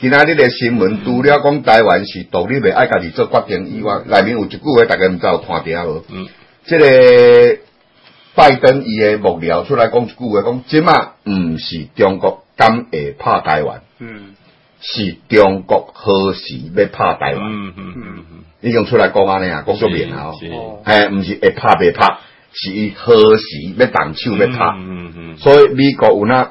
今仔日嘅新聞，除了講台灣是獨立的，的愛家己做決定以外，內面有一句話，大家唔知有看到無？聽聽嗯，即個拜登伊的幕僚出來講一句話，講即馬唔是中國敢會拍台灣，嗯、是中國何時要拍台灣？嗯嗯嗯嗯、已經出來講安尼啊，講出面啊，哦，係、哎、唔是會拍未拍？是伊何時要動手要拍、嗯？嗯嗯嗯，嗯所以美國有哪？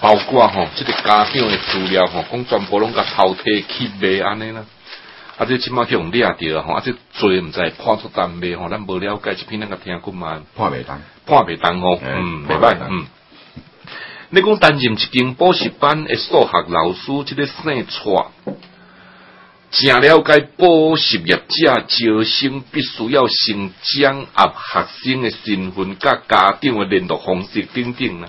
包括吼，即、這個家長誒資料吼，講全部攏甲偷摕去賣安尼啦。啊，即擺去互掠着吼，啊，即做毋知判錯單未吼？咱無了解即篇，咱個聽古曼判未通，判未通吼，哦、嗯，袂歹啦。嗯，你講擔任一間補習班誒數學老師，即、這個算錯、嗯，正了解補習業者招生必須要先掌握學生誒身份、甲家長誒聯絡方式等等啦。定定啊。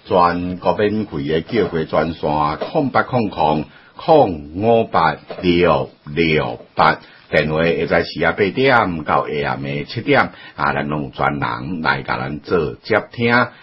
全國免費的叫佢專線啊，空八空空空五八六六八，電話會在四啊八點到下暗暝七點啊，咱攏有專人來甲咱做接聽。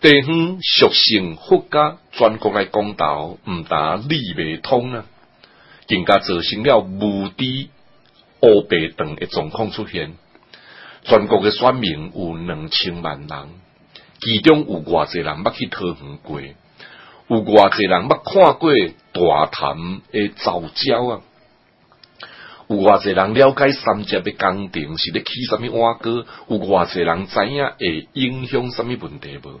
地方屬性國家全國嘅公道，唔打理未通啊！更加造成了無地、烏白地的狀況出現。全國嘅選民有兩千萬人，其中有偌濟人捌去投過，有偌濟人捌看過大潭嘅藻礁啊！有偌濟人了解三節嘅工程是咧起什麼碗糕，有偌濟人知影會影響什麼問題無？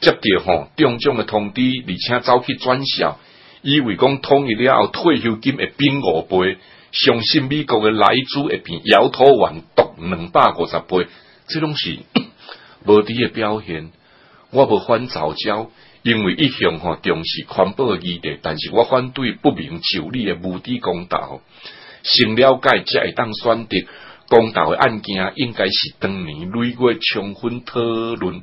接到吼中獎嘅通知，而且走去轉帳，以為講統一了後退休金會變五倍，相信美國嘅萊豬會比搖頭丸毒二百五十倍，這種是呵呵無知嘅表現。我無法早教，因為一向吼重視環保議題，但是我反對不明就裏嘅無知公道，先了解才會當選擇公道嘅案件應該是，應該是當年累月充分討論。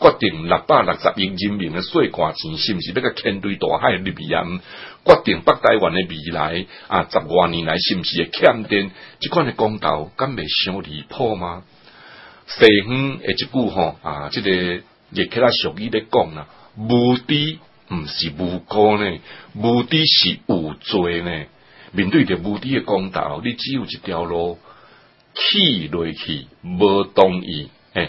決定六百六十億人民嘅稅款錢，是毋是那個千堆大海的敵人？決定北台灣嘅未來啊！十多年來，是唔是會欠電？這款嘅公投，敢未傷離譜嗎？誒，一句啊，這個俗語講啦。無知毋是無辜，無知是有罪，面對無知的公投，你只有一條路，無同意，誒。